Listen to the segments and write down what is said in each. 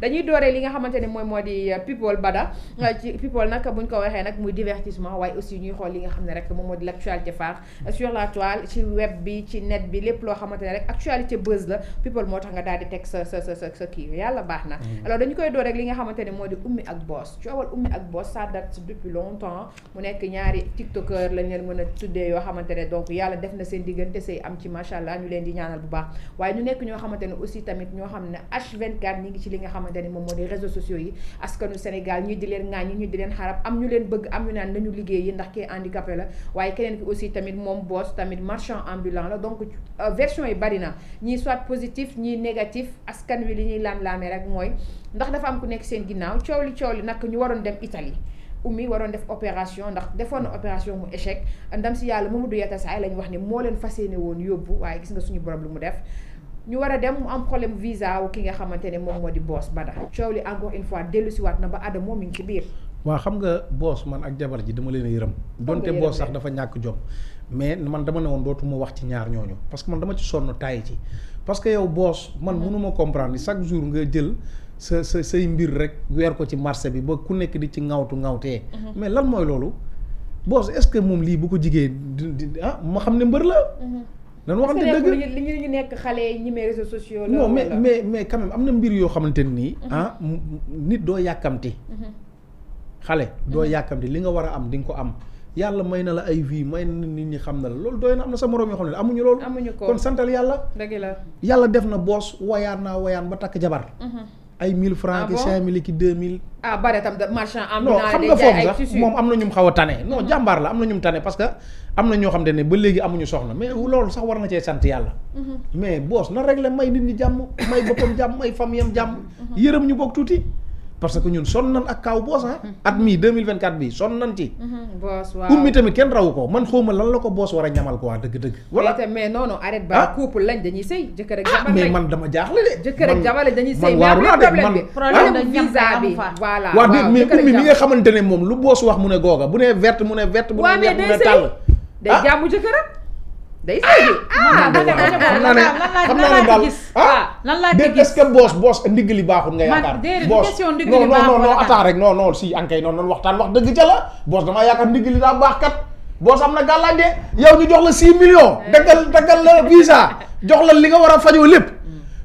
dañuy dooree li nga xamante ne mooy moo di euh, people bada euh, ci people nag buñ ko waxee nag muy divertissement waaye aussi ñuy xool li nga xam ne rek moo di l'actualité phare euh, sur la toile ci web lépp loo xamante ne rek actualité buzz la people moo tax nga daal di teg sa sa sa sa kii yàlla baax na mm-hmm. alors dañu koy door li nga xamante ne moo di ummi ak boss coowal ummi ak boss ça depuis longtemps mu nekk ñaari tiktokeur lañ leen mën a tuddee yoo xamante ne donc yàlla def na seen diggante say am ci macha allah leen di ñaanal bu baax waaye ñu nekk ñoo xamante ne xam ne H24 li nga xamante xamante moom moo di réseaux sociaux yi askanu Sénégal ñi di leen ŋaaññi ñi di leen xarab am ñu leen bëgg am ñu naan nañu liggéey yi ndax kee handicapé la waaye keneen ki aussi tamit moom boos tamit marchand ambulant la donc euh, version yi bari na ñii soit positif ñii négatif askan wi li ñuy laam-laamee rek mooy ndax dafa am ku nekk seen ginnaaw coow li coow li nag ñu waroon dem Italie ummi waroon def opération ndax defoon na opération mu échec ndam si yàlla Mamadou Yatassay lañ wax ni moo leen fas yéene woon yóbbu waaye gis nga suñu borom mu def ñu war a dem mu am problème visa wu ki nga xamante ne moom moo di boos Bada coow li encore une fois dellusiwaat na ba Ada moom mi ngi biir. waaw xam nga boos man ak jabar ji dama leen a yërëm. donte boos sax dafa ñàkk jom. mais man dama ne woon dootuma wax ci ñaar ñooñu parce que man dama ci sonn tàyyi ci parce que yow boos man mm-hmm. mënuma comprendre ni chaque jour nga jël. sa sa say mbir rek weer ko ci marché bi ba ku nekk di ci ŋawtu ŋawtee. Mm-hmm. mais lan mooy loolu. boos est-ce que moom lii ko jigéen di ah ma xam la. Mm-hmm. lan waxante dëgg li ñu nekk xale ñi may réseaux sociaux non mais mais mais quand am na mbir yoo xamante nii mhm. ah nit doo yàkkamti mhm. xale doo mhm. yàkkamti li nga war a am di nga ko am yàlla may na la ay vie may na nit ñi xam na la loolu doy na am na sa moroom yoo xam ne amuñu loolu amuñu ko kon santal yàlla dëgg la yàlla def na boos wayaan naa woyaan ba takk jabar ay 1000 francs ah ki 5000 ki 2000. ah bare tam marchand ambulant xam nga foofu sax moom am na ñu xaw a tane. non jàmbaar la am na ñu tane parce que am na ñoo xam te ne ba léegi amuñu soxna mais loolu sax war na cee sant yàlla. Mhm. mais boos na rek la may nit ñi jàmm may boppam jàmm may famille jàmm. Mhm. yërëm ñu bokk tuuti. parce que ñun sonn nan ak kaaw boos ah. Mhm. at mii 2024 bii sonn nan ci. Mhm, boos waaw tamit kenn rawu ko man xawma lan la ko boos war a ñamal ko waa dëgg-dëgg. voilà mais non non arrête ba ah. couple lañ dañuy sëy. jëkkër ak ah, jabar mais de. jëkkër mi nga xamante ne moom lu boos wax mu ne googa bu ne verte mu ne verte. bu ne ñeex mu ne ah. jàmm jëkkëram day sëy ah, ah. xam naa ne xam naa ne daal ah? ah lan laa gis est-ce que boos boos ndigg li baaxul nga yaakaar boos non non non attends rek non non si ankay noonu noonu waxtaan wax dëgg ca la boos damaa yaakaar ndigg li daa baax kat boos am na gàllaaj de yow ñu jox la 6 millions eh. daggal daggal la visa jox la li nga war a fajoo lépp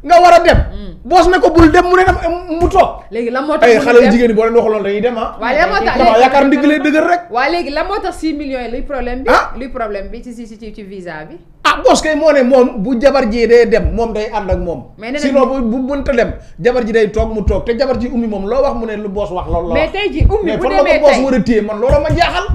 nga war a dem. Hmm. boos na ko bul dem mu ne dem mu toog. léegi lan moo tax ay xale jigéen boo leen waxaloon dañuy dem ah. waaye lan moo tax damaa yaakaar ndigg lay dëgër rek. waaw léegi lan moo tax 6 millions yi luy problème bi. ah luy problème bi ci ci ci ci visa bi. ah boos kay moo ne moom bu jabar ji day dem moom day ànd ak moom. mais nee sinon bu bu mënta dem jabar ji day toog mu toog te jabar ji ummi moom loo wax mu ne lu boos wax loolu la. mais tey jii ummi bu demee tey a téye man looloo ma jaaxal.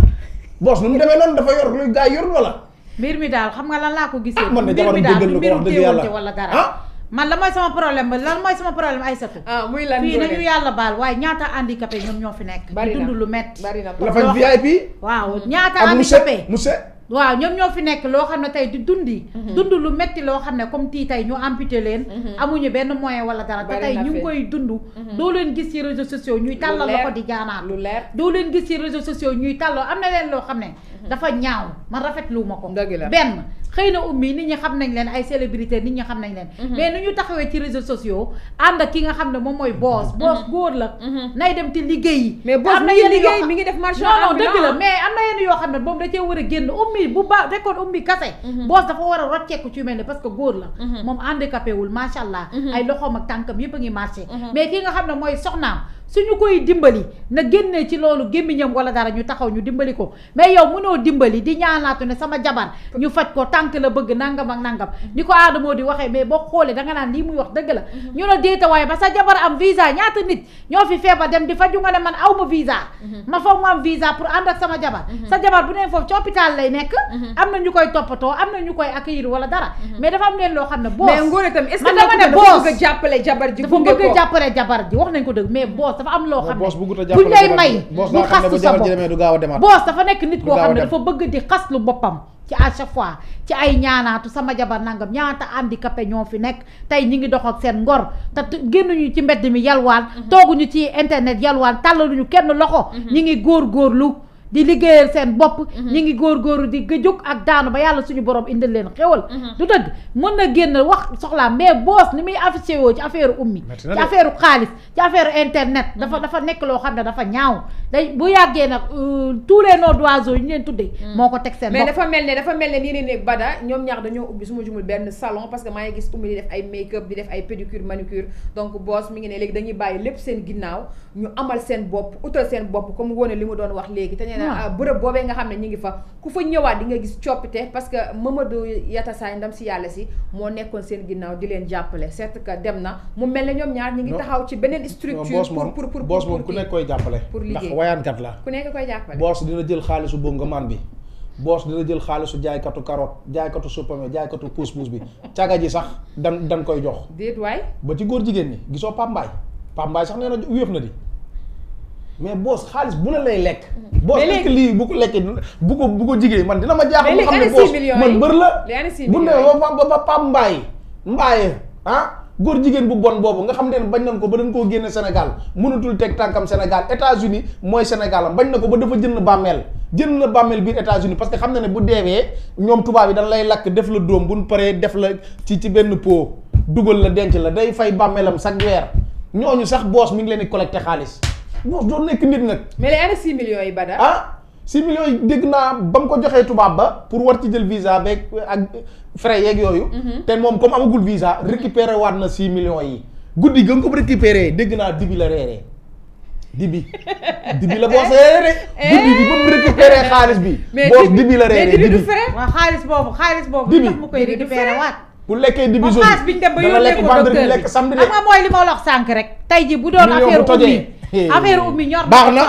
boos nu mu demee noonu dafa yor luy gaa yor wala. mbir daal xam nga lan laa ko gisee. ah man de jabar bi dëggal la ko wax dëgg man la mooy sama problème ba lan mooy sama problème ay satu ah, muy lan fii nañu yàlla baal waaye ñaata handicapé ñoom ñoo fi nekk bari na lu metti bari na waaw mm-hmm. ñaata handicapé monsieur waaw ñoom ñoo fi nekk loo xam ne tey di dundi mm-hmm. dund lu metti loo xam ne comme tii tey ñu amputé leen mm-hmm. amuñu benn moyen wala dara te tey ñu ngi koy dundu doo leen gis ci réseaux sociaux ñuy tàllal la ko di jaanaat lu leer doo leen gis ci réseaux sociaux ñuy tàlloo am na leen loo xam ne dafa ñaaw man rafetlu ma ko. benn xëy na ummi nit ñi xam nañ leen ay célébrité nit ñi xam nañ leen. Mhm. mais nu ñu taxawee ci réseaux sociaux ànd ak ki nga xam ne moom mooy boos. Mhm. boos góor la. Mhm. nay dem ci liggéey yi. mais boos mi mi ngi def marché non non dëgg na yenn yoo xam ne moom da cee war a génn ummi bu ba rekkoon ummi kase. boos dafa war a rocceeku ci mel ne parce que góor la. moom handicapé wul macha allah. ay loxoom ak tànkam yëpp a ngi marché. mais ki nga xam ne mooy soxnaam su ñu koy dimbali na génnee ci loolu gémmiñam wala dara ñu taxaw ñu dimbali ko mais yow mënoo dimbali di ñaanaatu ne sama jabar ñu faj ko tànk la bëgg nangam ak nangam ni ko aadamoo di waxee mais boo xoolee da nga naan lii muy wax dëgg la mhm. ñu ne déeta waaye ba sa jabar am visa ñaata nit ñoo fi feebar dem di faju ma visa mhm. ma foog ma am visa pour ànd ak sama jabar mhm. sa jabar bu neen foofu ci hôpital lay nekk am na ñu koy toppatoo am na ñu koy accueillir wala dara mais dafa am leen loo xam ne boos mais ngóor itam est-ce ne boos dafa bëgg a jàppale jabar ji wax nañ ko dëgg mais boos dafa am loo xam ne buñ lay may bul xaslu sa bopp boos dafa nekk nit koo xam ne dafa bëgg di xaslu boppam ci à chaque fois ci ay ñaanaatu sama jabar nangam ñaata handicapé ñoo fi nekk tey ñi ngi dox ak seen ngor te génnuñu ci mbedd mi yalwaan mhm. tooguñu ci internet yalwaan tàllaluñu kenn loxo mhm. ñi ngi góor góorlu di liggéeyal seen bopp mhm. ñu ngi góor góorgóoru di gëjug ak daanu ba yàlla suñu borom indil leen xéwal mhm. du dëgg mën na génn wax soxlaa mais boos ni muy affiché woo ci affaire ummi ci affaire xaalis ci affaire internet mhm. dafa dafa nekk loo xam ne dafa ñaaw day bu yàggee nag euh, tous les noms d'oiseaux yi ñu moo ko teg seen bopp mais dafa dafa mel ne nii ne bada dañoo ubbi su ma jumul benn salon parce que maa ngi gis ummi di def ay make up di def ay pédicure manucure donc boos mi ngi ne léegi dañuy bàyyi lépp seen ginnaaw ñu amal seen bopp utal seen bopp comme wone li mu doon wax léegi na euh, bërëb boobee nga xam ne ñu ngi fa ku fa ñëwaat di nga gis coppite parce que Mamadou Yatassay ndam si yàlla si moo nekkoon seen ginnaaw di leen jàppale c'est que dem na mu mel ne ñoom ñaar ñu ngi taxaw ci beneen structure pour pour pour boos moom ku nekk koy jàppale pour liggéey ndax wayaankat la ku nekk koy jàppale boos dina jël xaalisu bënga maan bi boos dina jël xaalisu jaaykatu carotte jaaykatu suppame jaaykatu puus puus bi caga ji sax dan dan koy jox déet waay ba ci jigéen ñi gisoo Pambaay Pambaay sax nee na na di mais boos xaalis bu la lay lekk. boo lekk lii bu ko lekkee bu ko bu ko jigéen man dina ma jaaxal. mu xam ne boos man mbër la. bu ne ba ba Pape Mbaye Mbaye ah góor jigéen bu bon boobu nga xam ne bañ nañ ko ba koo génne Sénégal mënatul teg tànkam Sénégal États-Unis mooy Sénégal bañ na ko ba dafa jënd bàmmeel jënd na bàmmeel biir États-Unis parce que xam na ne bu deewee ñoom tubaab yi dañ lay lakk def la dóom bu ñu paree def la ci ci benn pot dugal la denc la day fay bàmmeelam chaque weer ñooñu sax boos mu ngi leen di collecté xaalis moos doon nekk nit nag. mais les 6 millions yi Bada. ah 6 millions yi dégg naa ba mu ko joxee tubaab ba pour war ci jël visa be ak frais yeeg yooyu. Mhm. te moom comme amagul visa. récupéré waat na 6 million yi. guddi ga nga ko récupéré dégg naa dibi la reeree eh. dibi dibi la boos reeree guddi bi dibi la reeree dibi mais dibi du frais. waaw xaalis boobu xaalis boobu. dibi mu bu lekkee division bi dama lekk vendredi lekk samedi lekk. nga mooy li ma wax sànq rek. tey ji bu doon affaire ubbi affaire ummi ñor na baax na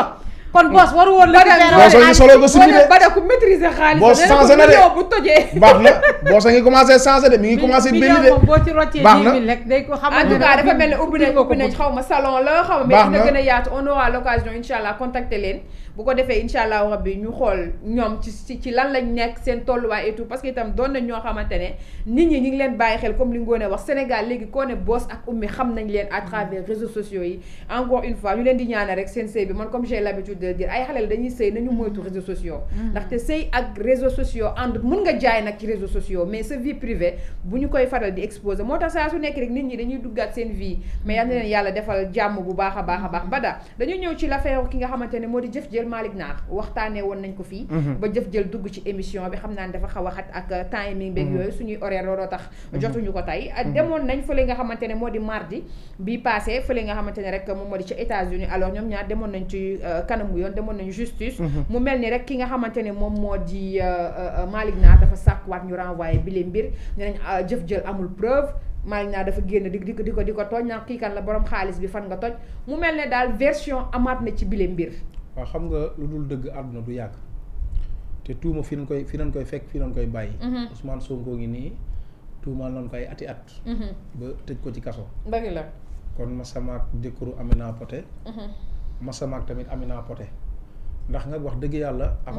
kon boos waru woon la boosa solo ko suñu de bada ku maîtriser xaalis boos changé na de bu tojee baax na boosa ngi commencé changé de mi ngi commencé belli de boo ci roccee baax na rek day ko xam en tout cas dafa mel ne ubbi nañ ubbi nañ xaw ma salon la xaw ma mais dina gën a yaatu on aura l'occasion incha allah contacter leen bu ko defee incha allah rabbi ñu xool ñoom ci ci lan lañ nekk seen tolluwaay et tout parce que itam doon nañ ñoo xamante ne nit ñi ñi ngi leen bàyyi xel comme li Ngoné wax Sénégal léegi koo ne boos ak ummi xam nañ leen à travers réseaux sociaux yi encore une fois ñu leen di ñaanal rek seen sëy bi man comme j'ai l'habitude de dire ay xale dañuy sëy nañu moytu réseaux sociaux mm-hmm. ndaxte sëy ak réseaux sociaux ànd mun nga jaay nag ci réseaux sociaux mais sa vie privée bu ñu koy faral di exposer moo tax saa su nekk nit ñi dañuy duggaat seen vie mais yal na leen yàlla defal jàmm bu baax a baax a baax bada dañu ñëw ci l'affaire ki nga xamante moo di jëf jël mm-hmm. ba jëf jël dugg ci émission bi xam naa ne dafa xaw a xat ak euh, timing beeg mm-hmm. yooyu suñuy horaire looloo tax jotuñu ko tey demoon nañ fële nangu yoon demoon nañ justice mhm. mu mel ni rek ki nga xamante ne moom moo di euh, euh, euh, Malick Naar dafa sàkkuwaat ñu renvoyé bile mbir ne nañ jëf jël amul preuve Malick Naar dafa génn di di ko di ko di ko toj naan kii kan la borom xaalis bi fan nga toj mu mel ne daal version amaat na ci bile mbir waaw xam nga lu dul dëgg àdduna du yàgg te tuuma fi nañ koy fi nañ koy fekk fi nañ koy bàyyi mhm. Ousmane Sonko ngi nii tuumaal nañ ko ay ati at mhm. ba tëj ko ci kaso dëgg la kon ma sama jëkkëru Amina Poté Masama ak tamit Amina Poté ndax nga wax dëgg yàlla. am